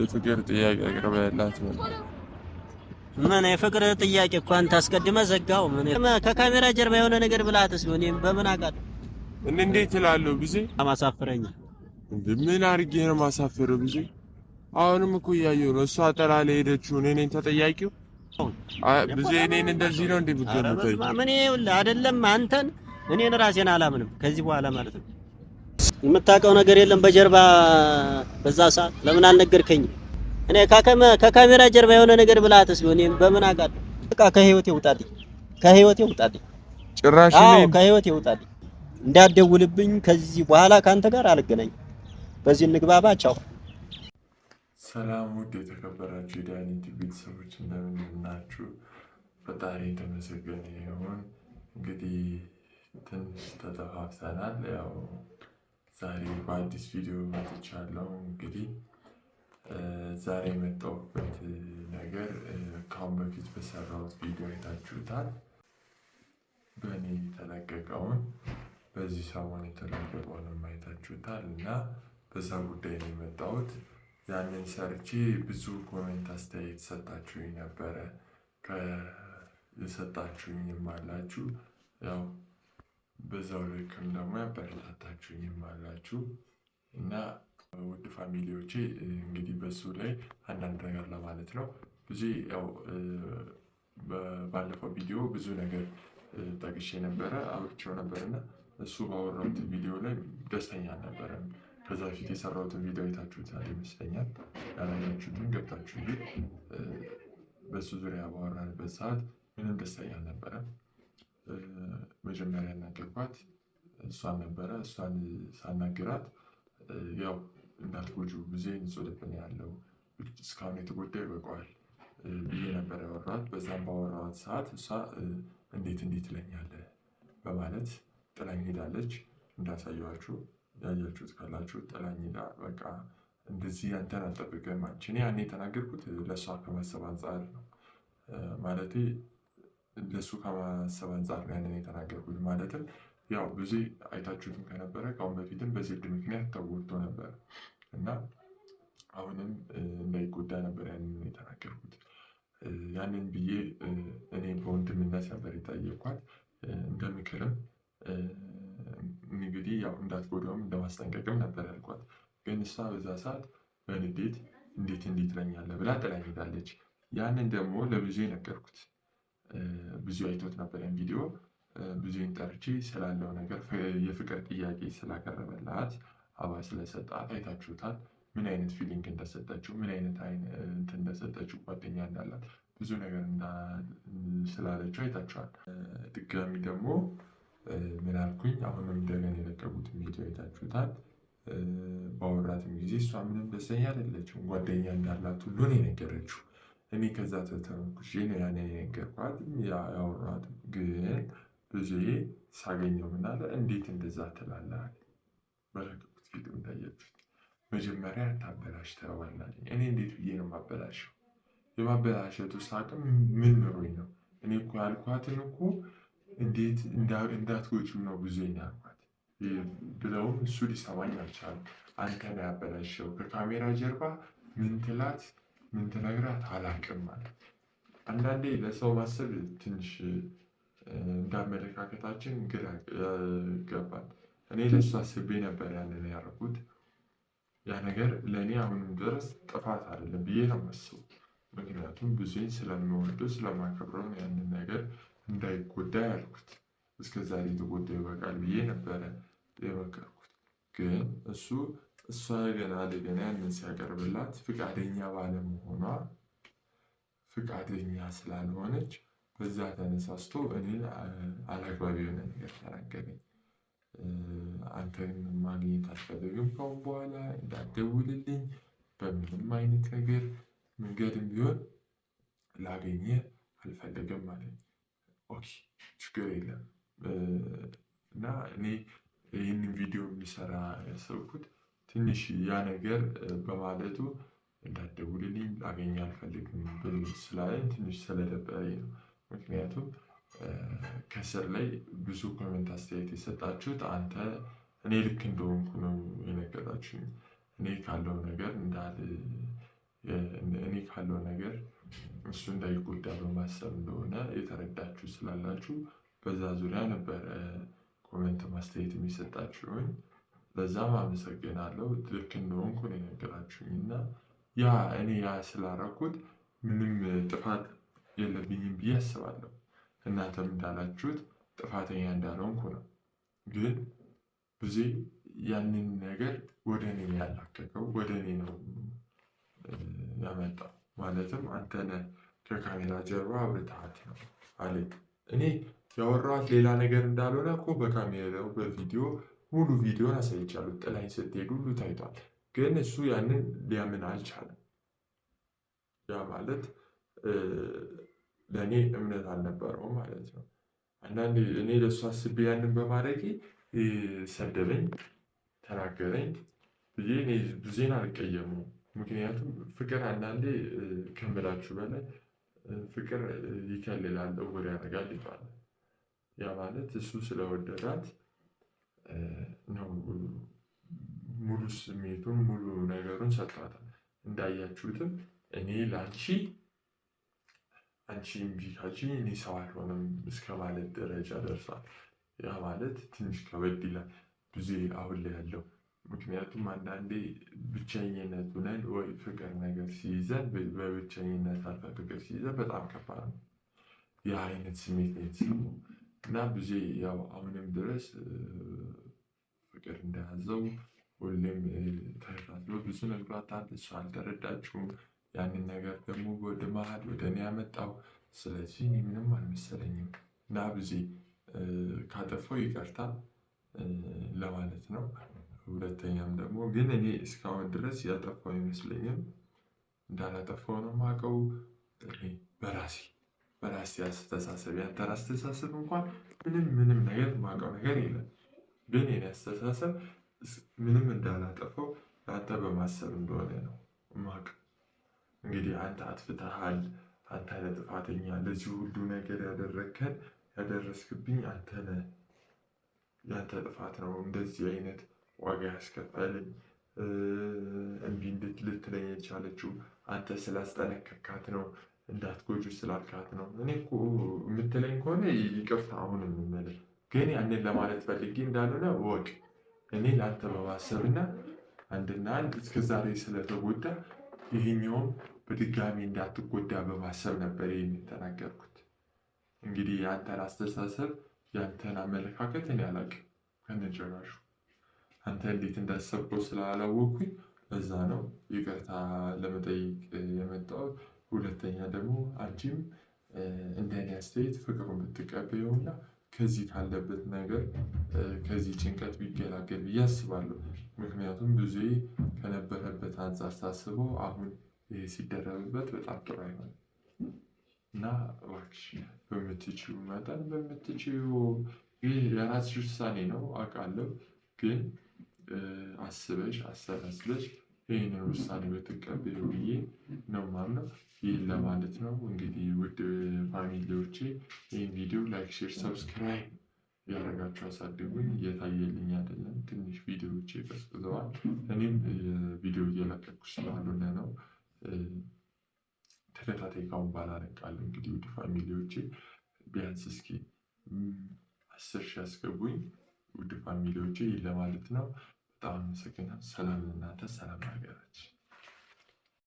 የፍቅር ጥያቄ አቅርበህላት ምን የፍቅር ጥያቄ እኮ አንተ አስቀድመህ ዘጋው። ምን ከካሜራ ጀርባ የሆነ ነገር ብላትስ ነው? እኔም በምን አውቃለሁ? እንዴት እላለሁ ብዜ ማሳፈረኝ። ምን አድርጌ ነው ማሳፈረው ብዜ? አሁንም እኮ እያየሁ ነው። እሷ ጠላ ላይ ሄደችው። እኔ ነኝ ተጠያቂው ብዜ። እኔን እንደዚህ ነው እንዴ ምን እኔ አይደለም አንተን፣ እኔን ራሴን አላምንም ከዚህ በኋላ ማለት ነው የምታውቀው ነገር የለም በጀርባ በዛ ሰዓት ለምን አልነገርከኝ? እኔ ካከመ ከካሜራ ጀርባ የሆነ ነገር ብላተስ ቢሆን በምን አውቃለሁ? በቃ ከህይወቴ ውጣልኝ፣ ከህይወቴ ውጣልኝ፣ ጭራሽ ነው ከህይወቴ ውጣልኝ። እንዳትደውልብኝ ከዚህ በኋላ ከአንተ ጋር አልገናኝ። በዚህ እንግባባ። ቻው። ሰላም ውድ የተከበራችሁ የዳኒ ቲዩብ ቤተሰቦች እንደምን ናችሁ? ፈጣሪ የተመሰገነ ይሁን። እንግዲህ ትንሽ ተጠፋፍተናል ያው ዛሬ በአዲስ ቪዲዮ መጥቻለሁ። እንግዲህ ዛሬ የመጣሁበት ነገር ከአሁን በፊት በሰራሁት ቪዲዮ አይታችሁታል። በእኔ የተለቀቀውን በዚህ ሰሞን የተለቀቀውን አይታችሁታል እና በዛ ጉዳይ ነው የመጣሁት። ያንን ሰርቼ ብዙ ኮሜንት አስተያየት ሰጣችሁኝ ነበረ። የሰጣችሁኝም አላችሁ ያው በዛው ልክም ደግሞ ያበረታታችሁኝም አላችሁ እና ውድ ፋሚሊዎቼ እንግዲህ በሱ ላይ አንዳንድ ነገር ለማለት ነው። ብዙ ያው ባለፈው ቪዲዮ ብዙ ነገር ጠቅሼ ነበረ አውርቼው ነበር እና እሱ ባወራሁት ቪዲዮ ላይ ደስተኛ አልነበረም። ከዛ በፊት የሰራሁትን ቪዲዮ አይታችሁታል ይመስለኛል። ያላያችሁትን ገብታችሁ በሱ ዙሪያ ባወራንበት ሰዓት ምንም ደስተኛ አልነበረም። መጀመሪያ ያናገርኳት እሷን ነበረ። እሷን ሳናግራት ያው እንዳትጎጂው ብዙ ንጹህ ልብ ነው ያለው እስካሁን የተጎዳ ይበቃዋል ብዬ ነበር ያወራት በዛም ባወራዋት ሰዓት እሷ እንዴት እንዴት ትለኛለህ በማለት ጥላኝ ሄዳለች። እንዳሳየኋችሁ ያያችሁት ካላችሁ ጥላኝ ሄዳ በቃ እንደዚህ አንተን አልጠብቅም አንቺ። እኔ ያኔ የተናገርኩት ለእሷ ከማሰብ አንጻር ነው ማለቴ እንደሱ ከማሰብ አንጻር ነው ያንን የተናገርኩት። ማለትም ያው ብዙ አይታችሁትም ከነበረ ከአሁን በፊትም በዜድ ምክንያት ተጎድቶ ነበር እና አሁንም እንዳይጎዳ ነበር ያንን የተናገርኩት። ያንን ብዬ እኔ በወንድምነት ነበር የጠየኳት እንደ ምክርም እንግዲህ ያው እንዳትጎዳውም እንደማስጠንቀቅም ነበር ያልኳት። ግን እሷ በዛ ሰዓት በንዴት እንዴት እንዴት ለኛለ ብላ ጥላኝ ሄዳለች። ያንን ደግሞ ለብዙ የነገርኩት ብዙ አይቶት ነበር ቪዲዮ። ብዙን ጠርቼ ስላለው ነገር የፍቅር ጥያቄ ስላቀረበላት አበባ ስለሰጣት አይታችሁታል። ምን አይነት ፊሊንግ እንደሰጠችው ምን አይነት እንትን እንደሰጠችው ጓደኛ እንዳላት ብዙ ነገር ስላለችው አይታችኋል። ድጋሚ ደግሞ ምን አልኩኝ? አሁንም እንደገና የለቀቁት ቪዲዮ አይታችሁታል። ባወራትም ጊዜ እሷ ምንም ደስተኛ አይደለችም። ጓደኛ እንዳላት ሁሉን የነገረችው። እኔ ከዛ ተተርኩዤ ነው ያኔ የነገርኳትም ያወራኋትም ግን ብዙዬ ሳገኘው ምን እንዴት እንደዛ ትላለህ አለኝ። በረከኩት እንዳያችሁት መጀመሪያ ታበላሽ አለኝ። እኔ እንዴት ብዬ ነው የማበላሸው? የማበላሸቱ አቅም ምን ኖሮኝ ነው? እኔ እኮ ያልኳትን እኮ እንዴት እንዳትጎጂው ነው ብዙዬን ያልኳት ብለውም እሱ ሊሰማኝ አልቻለም። አንተ ነው ያበላሸኸው ከካሜራ ጀርባ ምን ትላት ምን ትነግራት አላውቅም ማለት አንዳንዴ ለሰው ማሰብ ትንሽ እንዳመለካከታችን ግራ ይገባል። እኔ ለሱ አስቤ ነበር ያንን ያደረኩት ያ ነገር ለእኔ አሁንም ድረስ ጥፋት አይደለም ብዬ ነው የማስበው። ምክንያቱም ብዙዬን ስለምወደው ስለማከብረው ያንን ነገር እንዳይጎዳ ያልኩት። እስከዛሬ ተጎዳ ይበቃል ብዬ ነበረ የመከርኩት ግን እሱ እሷ ገና እንደገና ያንን ሲያቀርብላት ፍቃደኛ ባለመሆኗ ፍቃደኛ ስላልሆነች በዛ ተነሳስቶ እኔን አላግባብ የሆነ ነገር ተናገረኝ። አንተን ማግኘት አልፈልግም ካሁን በኋላ እንዳትደውልልኝ፣ በምንም አይነት ነገር መንገድም ቢሆን ላገኘ አልፈልግም ማለት ኦኬ፣ ችግር የለም እና እኔ ይህንን ቪዲዮ የሚሰራ ያሰብኩት ትንሽ ያ ነገር በማለቱ እንዳደውልልኝ ላገኝ አልፈልግም በሚል ስላለኝ ትንሽ ስለደበረኝ ነው። ምክንያቱም ከስር ላይ ብዙ ኮመንት አስተያየት የሰጣችሁት አንተ እኔ ልክ እንደሆንኩ ነው የነገራችሁኝ። እኔ ካለው ነገር እኔ ካለው ነገር እሱ እንዳይጎዳ በማሰብ እንደሆነ የተረዳችሁ ስላላችሁ በዛ ዙሪያ ነበረ ኮመንት ማስተያየት የሰጣችሁኝ በዛም አመሰግናለሁ ልክ እንደሆንኩ ነው የነገራችሁኝ እና ያ እኔ ያ ስላረኩት ምንም ጥፋት የለብኝም ብዬ አስባለሁ። እናንተም እንዳላችሁት ጥፋተኛ እንዳልሆንኩ ነው። ግን ብዙ ያንን ነገር ወደ እኔ ያላከከው ወደ እኔ ነው ያመጣው ማለትም አንተ ነህ ከካሜራ ጀርባ አብርተሃት ነው አለ። እኔ ያወራኋት ሌላ ነገር እንዳልሆነ እኮ በካሜራው በቪዲዮ ሙሉ ቪዲዮን አሳይቻለሁ። ጥላኝ ስትሄዱ ሁሉ ታይቷል። ግን እሱ ያንን ሊያምን አልቻለም። ያ ማለት ለእኔ እምነት አልነበረው ማለት ነው። አንዳንድ እኔ ለእሱ አስቤ ያንን በማድረጌ ሰደበኝ፣ ተናገረኝ ብዬ እኔ ብዙን ምክንያቱም ፍቅር አንዳንዴ ከምላችሁ በላይ ፍቅር ይከልላል፣ እውር ያደርጋል ይባላል። ያ ማለት እሱ ስለወደዳት ነው ሙሉ ስሜቱን ሙሉ ነገሩን ሰጥቷታል። እንዳያችሁትም እኔ ለአንቺ አንቺ እምቢ ካልሽኝ እኔ ሰው አልሆንም እስከ ማለት ደረጃ ደርሷል። ያ ማለት ትንሽ ከበድ ይላል ብዙ አሁን ላይ ያለው ምክንያቱም አንዳንዴ ብቸኝነት ብለን ወይ ፍቅር ነገር ሲይዘን በብቸኝነት አልፈ ፍቅር ሲይዘን በጣም ከባድ ነው። ያ አይነት ስሜት ነው የተሰማው። እና ብዙ ያው አሁንም ድረስ ፍቅር እንደያዘው ሁሌም ተከታትሎ ብዙ ነግሯታል። እሷ አልተረዳችውም። ያንን ነገር ደግሞ ወደ መሀል ወደ እኔ ያመጣው ስለዚህ እኔ ምንም አልመሰለኝም እና ብዙ ካጠፋው ይቅርታል ለማለት ነው። ሁለተኛም ደግሞ ግን እኔ እስካሁን ድረስ ያጠፋው አይመስለኝም። እንዳላጠፋው ነው የማውቀው። በራሴ በራሴ አስተሳሰብ ያንተን አስተሳሰብ እንኳን ምንም ምንም ነገር ማቀው ነገር የለም። ግን የኔ አስተሳሰብ ምንም እንዳላጠፈው ለአንተ በማሰብ እንደሆነ ነው ማቅ እንግዲህ አንተ አጥፍተሃል፣ አንተ ለጥፋተኛ ለዚህ ሁሉ ነገር ያደረግከን ያደረስክብኝ አንተ ነህ፣ ያንተ ጥፋት ነው እንደዚህ አይነት ዋጋ ያስከፈለኝ እምቢ ልትለኝ የቻለችው አንተ ስላስጠነከካት ነው እንዳትጎጁ ስላልካት ነው። እኔ እኮ የምትለኝ ከሆነ ይቅርታ አሁን የምመልህ ግን ያንን ለማለት ፈልጌ እንዳልሆነ ወቅ እኔ ለአንተ በማሰብና አንድና አንድ እስከዛሬ ስለተጎዳ ይህኛውም በድጋሚ እንዳትጎዳ በማሰብ ነበር የሚተናገርኩት። እንግዲህ የአንተን አስተሳሰብ የአንተን አመለካከት እኔ አላውቅም ከነጨራሹ አንተ እንዴት እንዳሰብከው ስላላወቅኩኝ በዛ ነው ይቅርታ ለመጠየቅ የመጣሁት። ሁለተኛ ደግሞ አንቺም እንደኔ አስተያየት ፍቅሩን እና ከዚህ ካለበት ነገር ከዚህ ጭንቀት ቢገላገል ብዬ አስባለሁ። ምክንያቱም ብዙ ከነበረበት አንጻር ሳስበው አሁን ይህ ሲደረግበት በጣም ጥሩ አይሆንም እና እባክሽ በምትችው መጠን በምትችው ይህ የራስሽ ውሳኔ ነው አውቃለሁ፣ ግን አስበሽ አሰላስለሽ ይህን ውሳኔ ብትቀበሉ ብዬ ነው ማምነው። ይህን ለማለት ነው። እንግዲህ ውድ ፋሚሊዎቼ ይህን ቪዲዮ ላይክ፣ ሼር፣ ሰብስክራይብ ያደረጋችሁ አሳድጉኝ። እየታየልኝ አይደለም፣ ትንሽ ቪዲዮዎች ቀዝቅዘዋል። እኔም ቪዲዮ እየለቀኩ ስላልሆነ ነው ተከታታይ ካሁን ባላረቃለሁ። እንግዲህ ውድ ፋሚሊዎቼ ቢያንስ እስኪ አስር ሺ ያስገቡኝ ውድ ፋሚሊዎቼ ለማለት ነው። በጣም አመሰግናለሁ። ሰላም እናንተ፣ ሰላም ሀገራችን።